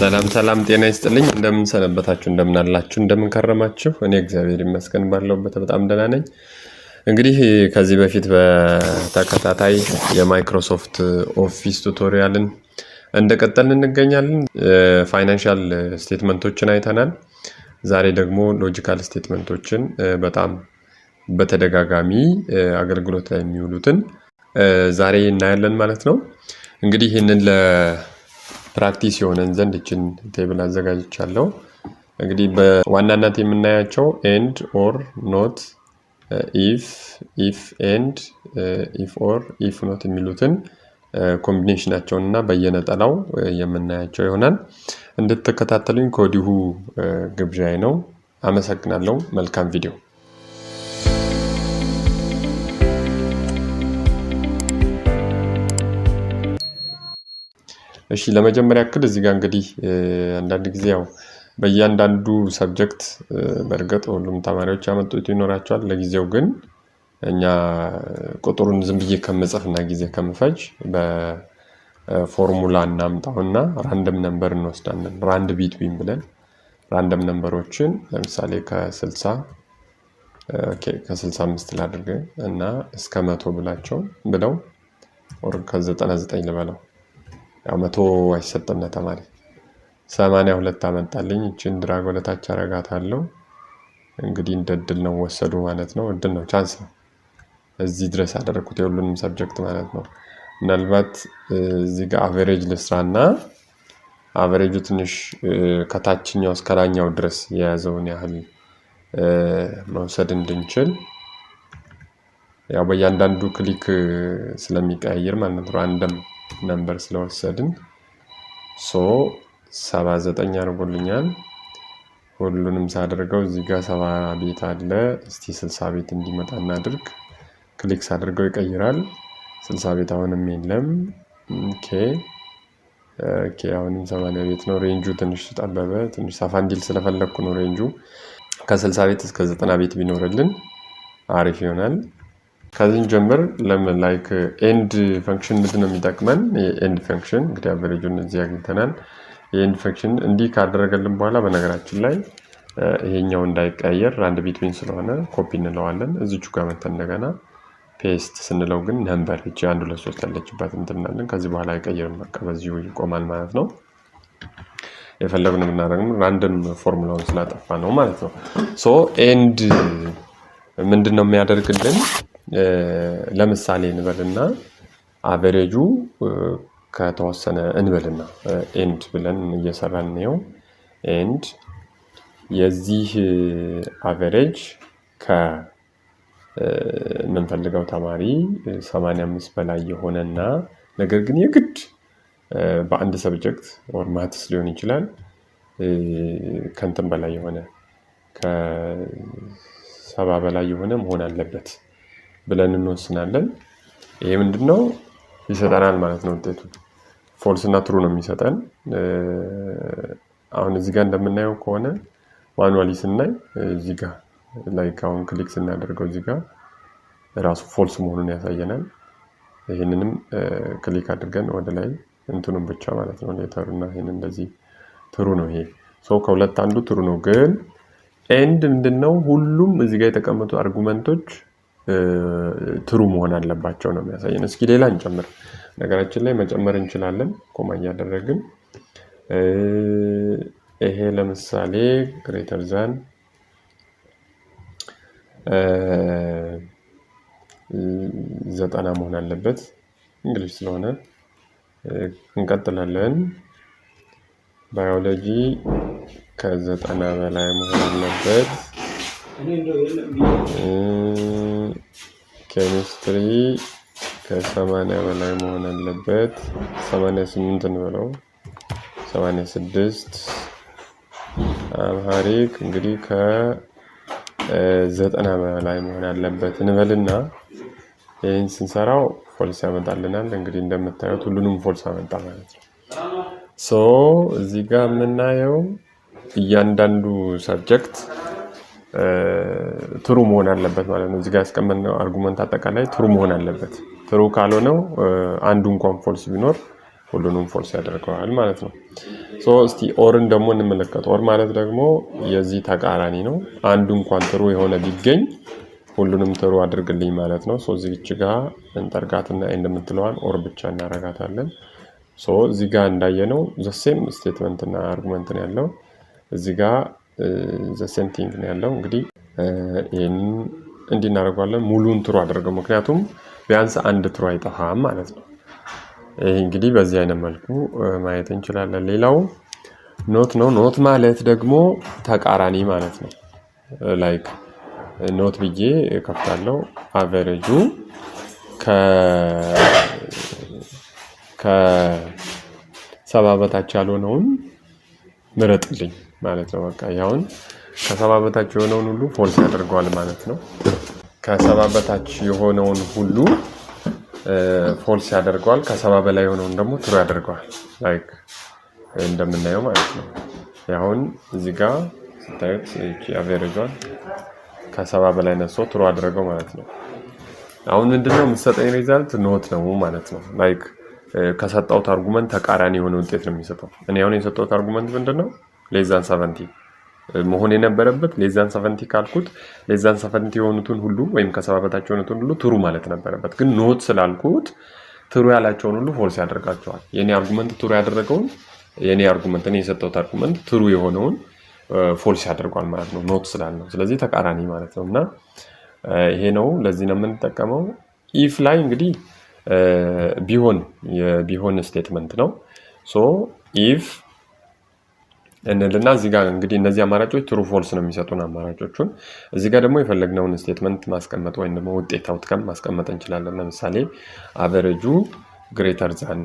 ሰላም ሰላም፣ ጤና ይስጥልኝ። እንደምን ሰነበታችሁ? እንደምን አላችሁ? እንደምን ከረማችሁ? እኔ እግዚአብሔር ይመስገን ባለሁበት በጣም ደህና ነኝ። እንግዲህ ከዚህ በፊት በተከታታይ የማይክሮሶፍት ኦፊስ ቱቶሪያልን እንደቀጠልን እንገኛለን። ፋይናንሻል ስቴትመንቶችን አይተናል። ዛሬ ደግሞ ሎጂካል ስቴትመንቶችን በጣም በተደጋጋሚ አገልግሎት ላይ የሚውሉትን ዛሬ እናያለን ማለት ነው። እንግዲህ ይህንን ፕራክቲስ የሆነን ዘንድ እችን ቴብል አዘጋጅቻለሁ። እንግዲህ በዋናነት የምናያቸው ኤንድ ኦር ኖት፣ ኢፍ፣ ኢፍ ኤንድ፣ ኢፍ ኦር፣ ኢፍ ኖት የሚሉትን ኮምቢኔሽናቸውን እና በየነጠላው የምናያቸው ይሆናል። እንድትከታተሉኝ ከወዲሁ ግብዣዬ ነው። አመሰግናለሁ። መልካም ቪዲዮ እሺ ለመጀመሪያ ያክል እዚህ ጋር እንግዲህ አንዳንድ ጊዜ ያው በእያንዳንዱ ሰብጀክት በእርግጥ ሁሉም ተማሪዎች ያመጡት ይኖራቸዋል። ለጊዜው ግን እኛ ቁጥሩን ዝም ብዬ ከምጽፍና ጊዜ ከምፈጅ በፎርሙላ እናምጣውና ራንደም ነንበር እንወስዳለን። ራንድ ቢትዊን ብለን ራንደም ነንበሮችን ለምሳሌ ከስልሳ ከስልሳ አምስት ላድርግ እና እስከ መቶ ብላቸው ብለው ከዘጠና ዘጠኝ ልበለው ያው መቶ አይሰጥም ለተማሪ። ሰማንያ ሁለት አመጣልኝ። እችን ድራግ ወደታች አረጋታለሁ። እንግዲህ እንደ እድል ነው ወሰዱ ማለት ነው። እድል ነው፣ ቻንስ ነው። እዚህ ድረስ ያደረግኩት የሁሉንም ሰብጀክት ማለት ነው። ምናልባት እዚህ ጋር አቨሬጅ ልስራ እና አቨሬጁ ትንሽ ከታችኛው እስከ ድረስ የያዘውን ያህል መውሰድ እንድንችል ያው በእያንዳንዱ ክሊክ ስለሚቀያየር ማለት ነው። ነንበር ስለወሰድን ሶ 79 አድርጎልኛል። ሁሉንም ሳደርገው እዚህ ጋር ሰባ ቤት አለ። እስቲ 60 ቤት እንዲመጣ እናድርግ። ክሊክ ሳደርገው ይቀይራል። 60 ቤት አሁንም የለም። ኦኬ ኦኬ፣ አሁንም 80 ቤት ነው። ሬንጁ ትንሽ ጠበበ። ትንሽ ሰፋ እንዲል ስለፈለግኩ ነው ሬንጁ ከ60 ቤት እስከ 90 ቤት ቢኖርልን አሪፍ ይሆናል። ከዚህ ጀምር ለምን ላይክ ኤንድ ፈንክሽን ምንድን ነው የሚጠቅመን? የኤንድ ፈንክሽን እንግዲህ አቨሬጁን እዚህ አግኝተናል። የኤንድ ፈንክሽን እንዲህ ካደረገልን በኋላ በነገራችን ላይ uh, ይሄኛው እንዳይቀየር አንድ ቢትዊን ስለሆነ ኮፒ እንለዋለን። እዚቹ ጋር መተን እንደገና ፔስት ስንለው ግን ነንበር እቺ አንድ ሁለት ሶስት ያለችበት እንትናለን። ከዚህ በኋላ አይቀየርም፣ በቃ በዚሁ ይቆማል ማለት ነው። የፈለግን የምናደርግም ራንደም ፎርሙላውን ስላጠፋ ነው ማለት ነው። ሶ ኤንድ ምንድን ነው የሚያደርግልን ለምሳሌ እንበልና አቨሬጁ ከተወሰነ እንበልና ኤንድ ብለን እየሰራን ነው። ኤንድ የዚህ አቨሬጅ ከምንፈልገው ተማሪ 85 በላይ የሆነና ነገር ግን የግድ በአንድ ሰብጀክት ኦር ማትስ ሊሆን ይችላል ከንትን በላይ የሆነ ከሰባ በላይ የሆነ መሆን አለበት። ብለን እንወስናለን። ይህ ምንድን ነው ይሰጠናል ማለት ነው ውጤቱ ፎልስ እና ትሩ ነው የሚሰጠን። አሁን እዚህ ጋር እንደምናየው ከሆነ ማኑዋሊ ስናይ እዚህ ጋር ላይክ አሁን ክሊክ ስናደርገው እዚህ ጋር ራሱ ፎልስ መሆኑን ያሳየናል። ይህንንም ክሊክ አድርገን ወደ ላይ እንትኑን ብቻ ማለት ነው ሌተሩና ይህን እንደዚህ ትሩ ነው። ይሄ ሰው ከሁለት አንዱ ትሩ ነው። ግን ኤንድ ምንድን ነው ሁሉም እዚህ ጋር የተቀመጡ አርጉመንቶች ትሩ መሆን አለባቸው ነው የሚያሳየን። እስኪ ሌላ እንጨምር። ነገራችን ላይ መጨመር እንችላለን፣ ኮማ እያደረግን ይሄ ለምሳሌ ግሬተር ዛን ዘጠና መሆን አለበት እንግሊሽ ስለሆነ እንቀጥላለን። ባዮሎጂ ከዘጠና በላይ መሆን አለበት። ኬሚስትሪ ከሰማንያ በላይ መሆን አለበት። ሰማንያ ስምንት እንበለው፣ ሰማንያ ስድስት አምሃሪክ እንግዲህ ከዘጠና በላይ መሆን አለበት እንበልና ይህን ስንሰራው ፎልስ ያመጣልናል። እንግዲህ እንደምታዩት ሁሉንም ፎልስ አመጣ ማለት ነው። ሶ እዚህ ጋር የምናየው እያንዳንዱ ሰብጀክት ትሩ መሆን አለበት ማለት ነው። እዚጋ ያስቀመጥነው አርጉመንት አጠቃላይ ትሩ መሆን አለበት። ትሩ ካልሆነው አንዱ እንኳን ፎልስ ቢኖር ሁሉንም ፎልስ ያደርገዋል ማለት ነው። እስቲ ኦርን ደግሞ እንመለከት። ኦር ማለት ደግሞ የዚህ ተቃራኒ ነው። አንዱ እንኳን ትሩ የሆነ ቢገኝ ሁሉንም ትሩ አድርግልኝ ማለት ነው። እዚች ጋ እንጠርጋትና እንደምትለዋን ኦር ብቻ እናረጋታለን። እዚህ ጋ እንዳየነው ዘሴም ስቴትመንትና አርጉመንትን ያለው እዚህ ጋር ዘሴንቲንግ ነው ያለው። እንግዲህ ይህንን እንዲህ እናደርገዋለን ሙሉን ትሩ አደርገው ምክንያቱም ቢያንስ አንድ ትሩ አይጠፋም ማለት ነው። ይህ እንግዲህ በዚህ አይነት መልኩ ማየት እንችላለን። ሌላው ኖት ነው። ኖት ማለት ደግሞ ተቃራኒ ማለት ነው። ላይክ ኖት ብዬ ከፍታለው አቨሬጁ ከሰባ በታች ያልሆነውን ምረጥልኝ ማለት ነው። በቃ ያሁን ከሰባ በታች የሆነውን ሁሉ ፎልስ ያደርገዋል ማለት ነው። ከሰባ በታች የሆነውን ሁሉ ፎልስ ያደርገዋል። ከሰባ በላይ የሆነውን ደግሞ ትሩ ያደርገዋል። ላይክ እንደምናየው ማለት ነው። ያሁን እዚህ ጋ ስታዩት አቬሬጇን ከሰባ በላይ ነሶ ትሩ አደረገው ማለት ነው። አሁን ምንድነው የምትሰጠኝ ሪዛልት ኖት ነው ማለት ነው። ላይክ ከሰጠሁት አርጉመንት ተቃራኒ የሆነ ውጤት ነው የሚሰጠው። እኔ አሁን የሰጠሁት አርጉመንት ምንድን ነው? ሌዛን ሰቨንቲ መሆን የነበረበት ሌዛን ሰቨንቲ ካልኩት ሌዛን ሰቨንቲ የሆኑትን ሁሉ ወይም ከሰባ በታች የሆኑትን ሁሉ ትሩ ማለት ነበረበት። ግን ኖት ስላልኩት ትሩ ያላቸውን ሁሉ ፎልስ ያደርጋቸዋል። የኔ አርጉመንት ትሩ ያደረገውን የኔ አርጉመንት እኔ የሰጠሁት አርጉመንት ትሩ የሆነውን ፎልስ ያደርጓል ማለት ነው፣ ኖት ነው። ስለዚህ ተቃራኒ ማለት ነው እና ይሄ ነው። ለዚህ ነው የምንጠቀመው። ኢፍ ላይ እንግዲህ ቢሆን የቢሆን ስቴትመንት ነው ሶ ኢፍ እንልና እዚህ ጋር እንግዲህ እነዚህ አማራጮች ትሩ ፎልስ ነው የሚሰጡን አማራጮቹን። እዚህ ጋር ደግሞ የፈለግነውን ስቴትመንት ማስቀመጥ ወይም ደግሞ ውጤት አውትከም ማስቀመጥ እንችላለን። ለምሳሌ አቨሬጁ ግሬተር ዛን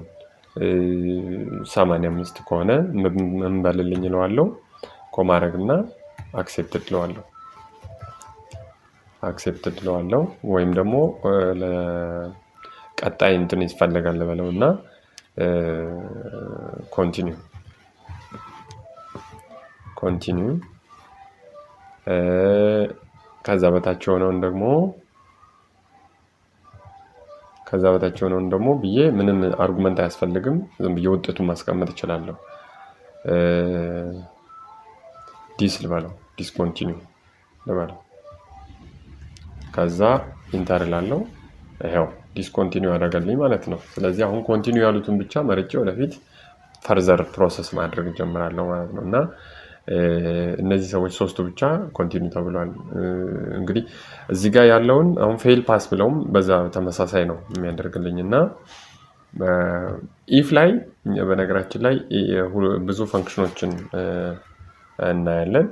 85 ከሆነ ምን በልልኝ እለዋለሁ፣ ኮማረግ እና አክሴፕትድ እለዋለሁ አክሴፕትድ እለዋለሁ። ወይም ደግሞ ቀጣይ እንትን ይፈለጋል በለው እና ኮንቲኒው ኮንቲኒ ከዛ በታች የሆነውን ደግሞ ከዛ በታች የሆነውን ደግሞ ብዬ ምንም አርጉመንት አያስፈልግም። ዝም ብዬ ውጤቱን ማስቀመጥ እችላለሁ። ዲስ ልበለው፣ ዲስኮንቲኒው ልበለው። ከዛ ኢንተር ላለው ይኸው ዲስኮንቲኒው ያደረገልኝ ማለት ነው። ስለዚህ አሁን ኮንቲኒው ያሉትን ብቻ መርጬ ወደፊት ፈርዘር ፕሮሰስ ማድረግ እጀምራለሁ ማለት ነው እና እነዚህ ሰዎች ሶስቱ ብቻ ኮንቲኒ ተብሏል። እንግዲህ እዚህ ጋር ያለውን አሁን ፌል ፓስ ብለውም በዛ ተመሳሳይ ነው የሚያደርግልኝ እና ኢፍ ላይ በነገራችን ላይ ብዙ ፈንክሽኖችን እናያለን።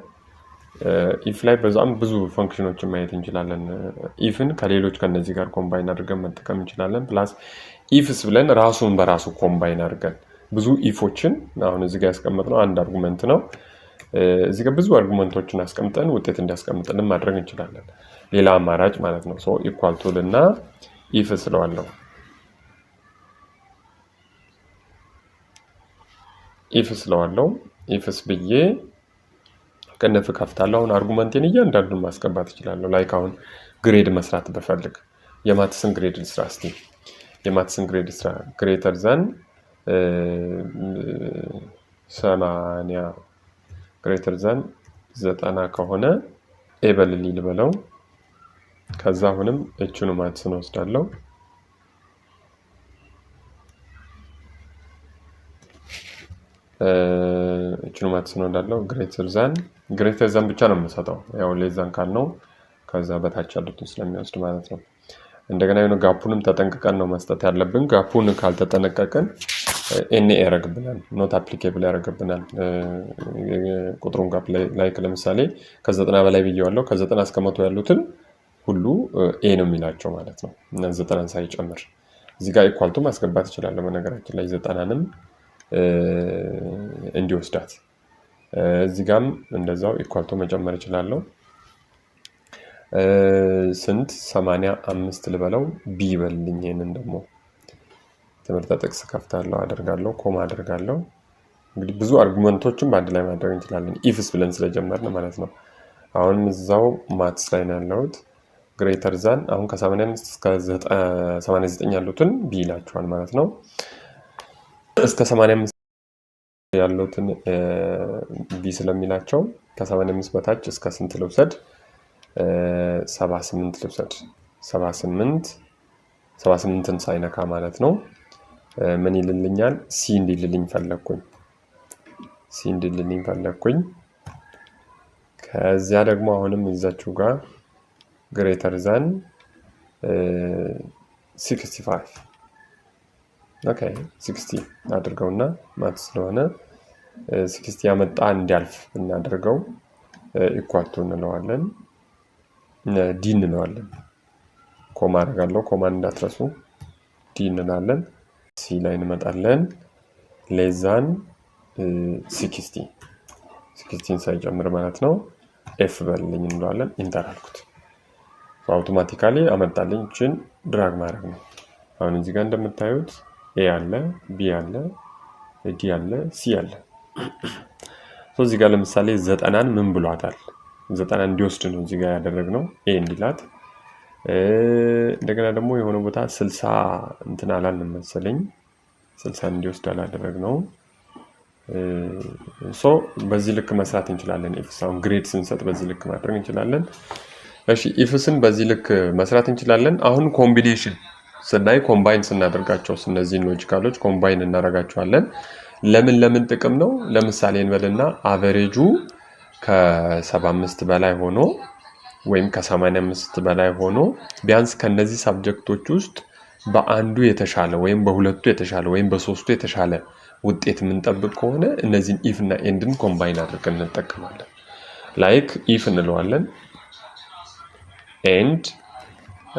ኢፍ ላይ በዛም ብዙ ፈንክሽኖችን ማየት እንችላለን። ኢፍን ከሌሎች ከነዚህ ጋር ኮምባይን አድርገን መጠቀም እንችላለን። ፕላስ ኢፍስ ብለን ራሱን በራሱ ኮምባይን አድርገን ብዙ ኢፎችን አሁን እዚህ ጋር ያስቀመጥነው አንድ አርጉመንት ነው። እዚህ ጋር ብዙ አርጉመንቶችን አስቀምጠን ውጤት እንዲያስቀምጥልን ማድረግ እንችላለን። ሌላ አማራጭ ማለት ነው። ሶ ኢኳል ቱል እና ኢፍ ስለዋለው ኢፍ ስለዋለው ኢፍስ ብዬ ከነፍ ከፍታለሁ። አሁን አርጉመንቴን እያንዳንዱን ማስገባት እችላለሁ። ላይክ አሁን ግሬድ መስራት ብፈልግ የማትስን ግሬድ ስራ እስቲ የማትስን ግሬድ ስራ ግሬተር ዘን ሰማንያ ግሬተር ዘን ዘጠና ከሆነ ኤበልሊ ልበለው። ከዛ አሁንም እቹኑ ማትስን ወስዳለው። እቹኑ ማትስን ወዳለው ግሬተር ዘን ግሬተር ዘን ብቻ ነው የምንሰጠው። ያው ሌዛን ካልነው ከዛ በታች ያሉትን ስለሚወስድ ማለት ነው። እንደገና የሆነ ጋፑንም ተጠንቅቀን ነው መስጠት ያለብን። ጋፑን ካልተጠነቀቅን ኤንኤ ያደረግብናል፣ ኖት አፕሊኬብል ያደረግብናል። ቁጥሩን ጋፕ ላይክ ለምሳሌ ከዘጠና በላይ ብየዋለው። ከዘጠና እስከ መቶ ያሉትን ሁሉ ኤ ነው የሚላቸው ማለት ነው። እና ዘጠናን ሳይጨምር እዚህ ጋር ኢኳልቱ ማስገባት እችላለሁ። በነገራችን ላይ ዘጠናንም እንዲወስዳት እዚህ ጋም እንደዛው ኢኳልቱ መጨመር ይችላለው ስንት ሰማንያ አምስት ልበለው ቢ ይበልልኝ። ይህንን ደግሞ ትምህርት ጥቅስ ከፍታለሁ አደርጋለሁ ኮማ አደርጋለሁ። እንግዲህ ብዙ አርጉመንቶችም በአንድ ላይ ማድረግ እንችላለን ኢፍስ ብለን ስለጀመርን ማለት ነው። አሁንም እዛው ማትስ ላይ ነው ያለሁት። ግሬተር ዛን አሁን ከ85 እስከ 89 ያሉትን ቢ ይላችኋል ማለት ነው። እስከ 85 ያሉትን ቢ ስለሚላቸው ከ85 በታች እስከ ስንት ልብሰድ 78 ልብሰድ 78 78ን ሳይነካ ማለት ነው። ምን ይልልኛል? ሲ እንዲልልኝ ፈለግኩኝ። ሲ እንዲልልኝ ፈለግኩኝ። ከዚያ ደግሞ አሁንም እዛችሁ ጋር ግሬተር ዛን 65 ኦኬ አድርገውና ማት ስለሆነ 60 ያመጣ እንዲያልፍ እናደርገው ኢኳቱ እንለዋለን፣ ዲ እንለዋለን። ኮማ አደርጋለሁ። ኮማን እንዳትረሱ ዲ እንላለን። ሲ ላይ እንመጣለን። ሌዛን ሲክስቲ ሲክስቲን ሳይጨምር ማለት ነው። ኤፍ በልልኝ እንለዋለን። ኢንተር አልኩት። አውቶማቲካሊ አመጣልኝ። እችን ድራግ ማድረግ ነው። አሁን እዚህ ጋር እንደምታዩት ኤ አለ፣ ቢ አለ፣ ዲ አለ፣ ሲ አለ። እዚህ ጋር ለምሳሌ ዘጠናን ምን ብሏታል? ዘጠና እንዲወስድ ነው እዚህ ጋር ያደረግነው ኤ እንዲላት። እንደገና ደግሞ የሆነ ቦታ ስልሳ እንትን አላልን መሰለኝ ስልሳ እንዲወስድ አላደረግነውም። ሶ በዚህ ልክ መስራት እንችላለን። ኢፍስ አሁን ግሬድ ስንሰጥ በዚህ ልክ ማድረግ እንችላለን። እሺ ኢፍስን በዚህ ልክ መስራት እንችላለን። አሁን ኮምቢኔሽን ስናይ ኮምባይን ስናደርጋቸው እነዚህን ሎጂካሎች ኮምባይን እናደርጋቸዋለን። ለምን ለምን ጥቅም ነው? ለምሳሌ እንበልና አቨሬጁ ከ75 በላይ ሆኖ ወይም ከ85 በላይ ሆኖ ቢያንስ ከነዚህ ሳብጀክቶች ውስጥ በአንዱ የተሻለ ወይም በሁለቱ የተሻለ ወይም በሶስቱ የተሻለ ውጤት የምንጠብቅ ከሆነ እነዚህን ኢፍ እና ኤንድን ኮምባይን አድርገን እንጠቀማለን። ላይክ ኢፍ እንለዋለን፣ ኤንድ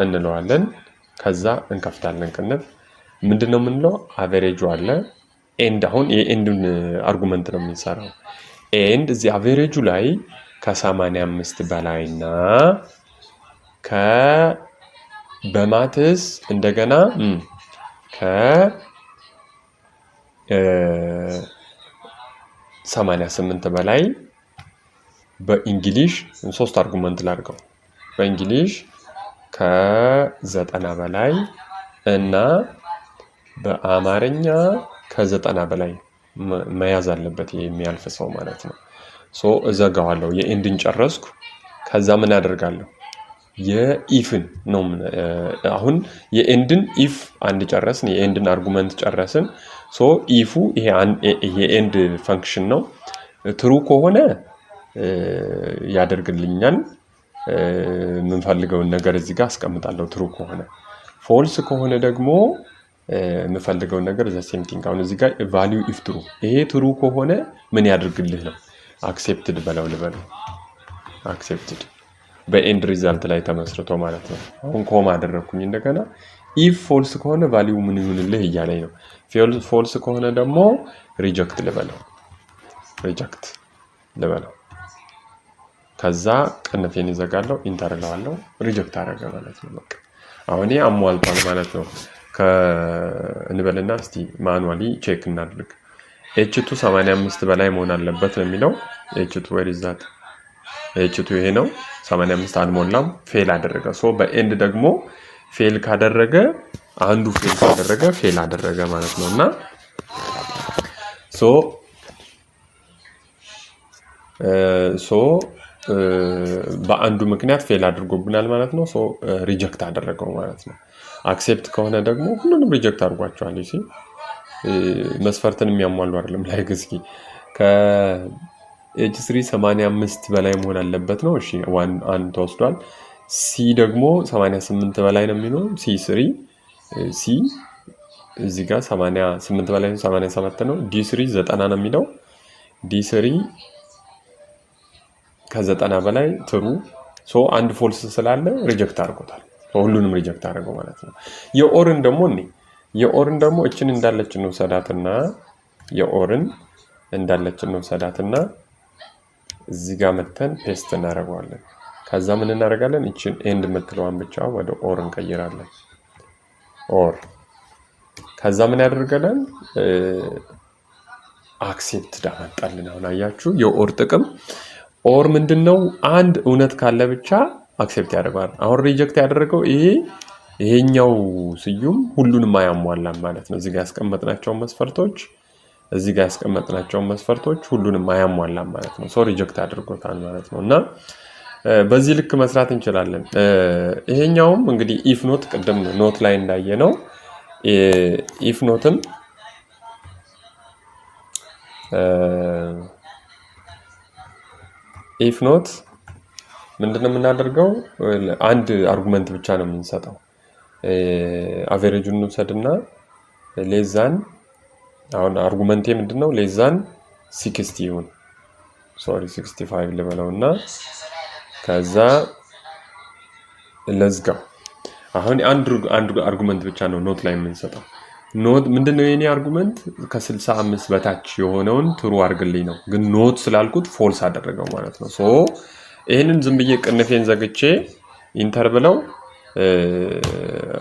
እንለዋለን፣ ከዛ እንከፍታለን ቅንብ። ምንድን ነው የምንለው? አቨሬጁ አለ ኤንድ። አሁን የኤንድን አርጉመንት ነው የምንሰራው። ኤንድ እዚህ አቬሬጁ ላይ ከ85 በላይና ከ በማትስ እንደገና ከ ሰማንያ ስምንት በላይ በእንግሊሽ ሶስት አርጉመንት ላድርገው። በእንግሊሽ ከዘጠና በላይ እና በአማርኛ ከዘጠና በላይ መያዝ አለበት የሚያልፍ ሰው ማለት ነው። ሶ እዘጋዋለሁ። የኤንድን ጨረስኩ። ከዛ ምን አደርጋለሁ? የኢፍን ነው። አሁን የኤንድን ኢፍ አንድ ጨረስን፣ የኤንድን አርጉመንት ጨረስን። ሶ ኢፉ የኤንድ ፈንክሽን ነው። ትሩ ከሆነ ያደርግልኛል የምንፈልገውን ነገር እዚህ ጋር አስቀምጣለሁ። ትሩ ከሆነ ፎልስ ከሆነ ደግሞ የምፈልገውን ነገር ዘ ሴም ቲንግ። አሁን እዚህ ጋር ቫሊዩ ኢፍ ትሩ፣ ይሄ ትሩ ከሆነ ምን ያደርግልህ ነው። አክሴፕትድ በለው ልበለው፣ አክሴፕትድ በኤንድ ሪዛልት ላይ ተመስርቶ ማለት ነው። አሁን ኮማ አደረግኩኝ እንደገና ኢፍ ፎልስ ከሆነ ቫሊዩ ምን ይሁንልህ እያለኝ ነው። ፎልስ ከሆነ ደግሞ ሪጀክት ልበለው ሪጀክት ልበለው። ከዛ ቅንፌን ይዘጋለው ኢንተር ለዋለው ሪጀክት አደረገ ማለት ነው። በቃ አሁን አሟልቷል ማለት ነው። እንበልና እስቲ ማኑዋሊ ቼክ እናድርግ። ኤችቱ 85 በላይ መሆን አለበት ነው የሚለው ኤችቱ ወሪዛት ችቱ ይሄ ነው 85 አልሞላም፣ ፌል አደረገ። ሶ በኤንድ ደግሞ ፌል ካደረገ አንዱ ፌል ካደረገ ፌል አደረገ ማለት ነው እና ሶ ሶ በአንዱ ምክንያት ፌል አድርጎብናል ማለት ነው። ሶ ሪጀክት አደረገው ማለት ነው። አክሴፕት ከሆነ ደግሞ ሁሉንም ሪጀክት አድርጓቸዋል። መስፈርትን የሚያሟሉ አይደለም ላይ ኤች ስሪ 85 በላይ መሆን አለበት ነው። እሺ አንድ ተወስዷል። ሲ ደግሞ 88 በላይ ነው የሚሆነው። ሲ ስሪ ሲ እዚህ ጋር 88 በላይ 87 ነው። ዲ ስሪ 90 ነው የሚለው። ዲ ስሪ ከ90 በላይ ትሩ ሶ አንድ ፎልስ ስላለ ሪጀክት አድርጎታል። ሁሉንም ሪጀክት አድርገው ማለት ነው። የኦርን ደግሞ እኔ የኦርን ደግሞ እችን እንዳለችን ነው ሰዳትና የኦርን እንዳለችን ነው ሰዳትና እዚህ ጋር መተን ፔስት እናደርገዋለን። ከዛ ምን እናደርጋለን? እችን ኤንድ የምትለዋን ብቻ ወደ ኦር እንቀይራለን። ኦር ከዛ ምን ያደርገለን አክሴፕት ዳመጣልን። አሁን አያችሁ የኦር ጥቅም። ኦር ምንድን ነው? አንድ እውነት ካለ ብቻ አክሴፕት ያደርገዋል። አሁን ሪጀክት ያደረገው ይሄ ይሄኛው ስዩም ሁሉንም አያሟላም ማለት ነው። እዚህ ያስቀመጥናቸውን መስፈርቶች እዚህ ጋር ያስቀመጥናቸውን መስፈርቶች ሁሉንም አያሟላም ማለት ነው። ሰው ሪጀክት አድርጎታል ማለት ነው እና በዚህ ልክ መስራት እንችላለን። ይሄኛውም እንግዲህ ኢፍ ኖት ቅድም ኖት ላይ እንዳየ ነው። ኢፍ ኖትን ኢፍ ኖት ምንድን ነው የምናደርገው? አንድ አርጉመንት ብቻ ነው የምንሰጠው። አቬሬጁን እንውሰድና ሌዛን አሁን አርጉመንቴ ምንድን ነው? ሌዛን ሲክስቲ ይሁን ሶሪ ሲክስቲ ፋይቭ ልበለው እና ከዛ ለዝጋው። አሁን አንድ አርጉመንት ብቻ ነው ኖት ላይ የምንሰጠው። ኖት ምንድን ነው የኔ አርጉመንት? ከስልሳ አምስት በታች የሆነውን ትሩ አድርግልኝ ነው። ግን ኖት ስላልኩት ፎልስ አደረገው ማለት ነው። ሶ ይህንን ዝም ብዬ ቅንፌን ዘግቼ ኢንተር ብለው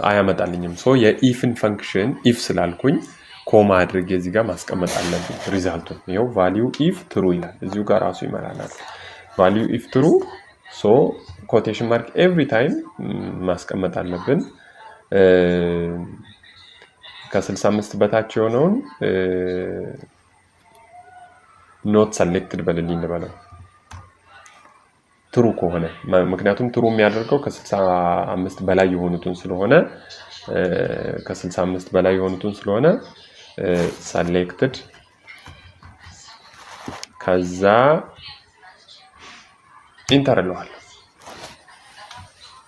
አያመጣልኝም። ሶ የኢፍን ፈንክሽን ኢፍ ስላልኩኝ ኮማ አድርጌ እዚህ ጋር ማስቀመጥ አለብኝ ሪዛልቱ ይኸው ቫሊዩ ኢፍ ትሩ ይላል እዚሁ ጋር ራሱ ይመራናል። ቫሊዩ ኢፍ ትሩ ሶ ኮቴሽን ማርክ ኤቭሪ ታይም ማስቀመጥ አለብን። ከ65 በታች የሆነውን ኖት ሰሌክትድ በልልኝ ልበለው ትሩ ከሆነ ምክንያቱም ትሩ የሚያደርገው ከ65 በላይ የሆኑትን ስለሆነ ከ65 በላይ የሆኑትን ስለሆነ ሰሌክትድ ከዛ ኢንተር እለዋለሁ።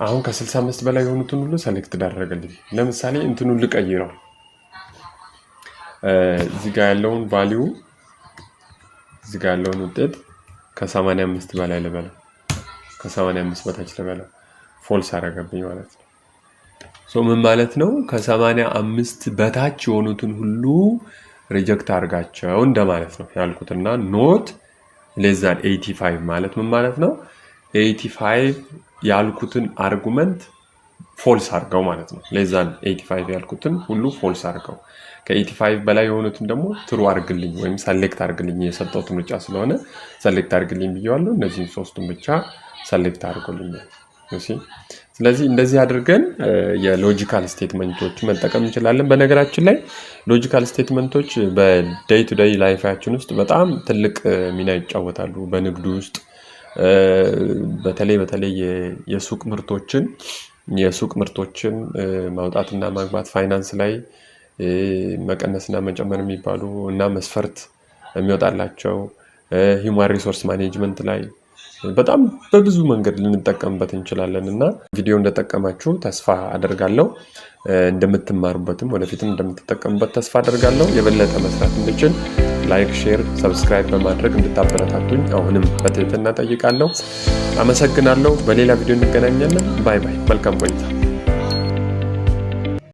አሁን ከ65 በላይ የሆኑትን ሁሉ ሰሌክት አደረገልኝ። ለምሳሌ እንትኑን ልቀይረው እዚህ ያለውን ቫሊዩ እዚህ ያለውን ውጤት ከ85 በላይ ልበለው፣ ከ85 በታች ልበለው። ፎልስ አደረገብኝ ማለት ነው። ሰው ምን ማለት ነው? ከሰማንያ አምስት በታች የሆኑትን ሁሉ ሪጀክት አድርጋቸው እንደማለት ነው ያልኩትና ኖት ሌዛን 85 ማለት ምን ማለት ነው? 85 ያልኩትን አርጉመንት ፎልስ አድርገው ማለት ነው። ሌዛን 85 ያልኩትን ሁሉ ፎልስ አድርገው ከ85 በላይ የሆኑትን ደግሞ ትሩ አድርግልኝ ወይም ሰሌክት አድርግልኝ የሰጠሁትን ምርጫ ስለሆነ ሰሌክት አድርግልኝ ብየዋለሁ። እነዚህም ሶስቱን ብቻ ሰሌክት አድርጎልኛል። ስለዚህ እንደዚህ አድርገን የሎጂካል ስቴትመንቶች መጠቀም እንችላለን። በነገራችን ላይ ሎጂካል ስቴትመንቶች በደይ ቱ ደይ ላይፋችን ውስጥ በጣም ትልቅ ሚና ይጫወታሉ። በንግዱ ውስጥ በተለይ በተለይ የሱቅ ምርቶችን የሱቅ ምርቶችን ማውጣትና ማግባት፣ ፋይናንስ ላይ መቀነስና መጨመር የሚባሉ እና መስፈርት የሚወጣላቸው ሂውማን ሪሶርስ ማኔጅመንት ላይ በጣም በብዙ መንገድ ልንጠቀምበት እንችላለን እና ቪዲዮ እንደጠቀማችሁ ተስፋ አደርጋለሁ። እንደምትማሩበትም ወደፊትም እንደምትጠቀሙበት ተስፋ አደርጋለሁ። የበለጠ መስራት እንድችል ላይክ፣ ሼር፣ ሰብስክራይብ በማድረግ እንድታበረታቱኝ አሁንም በትህትና ጠይቃለሁ። አመሰግናለሁ። በሌላ ቪዲዮ እንገናኛለን። ባይ ባይ። መልካም ቆይታ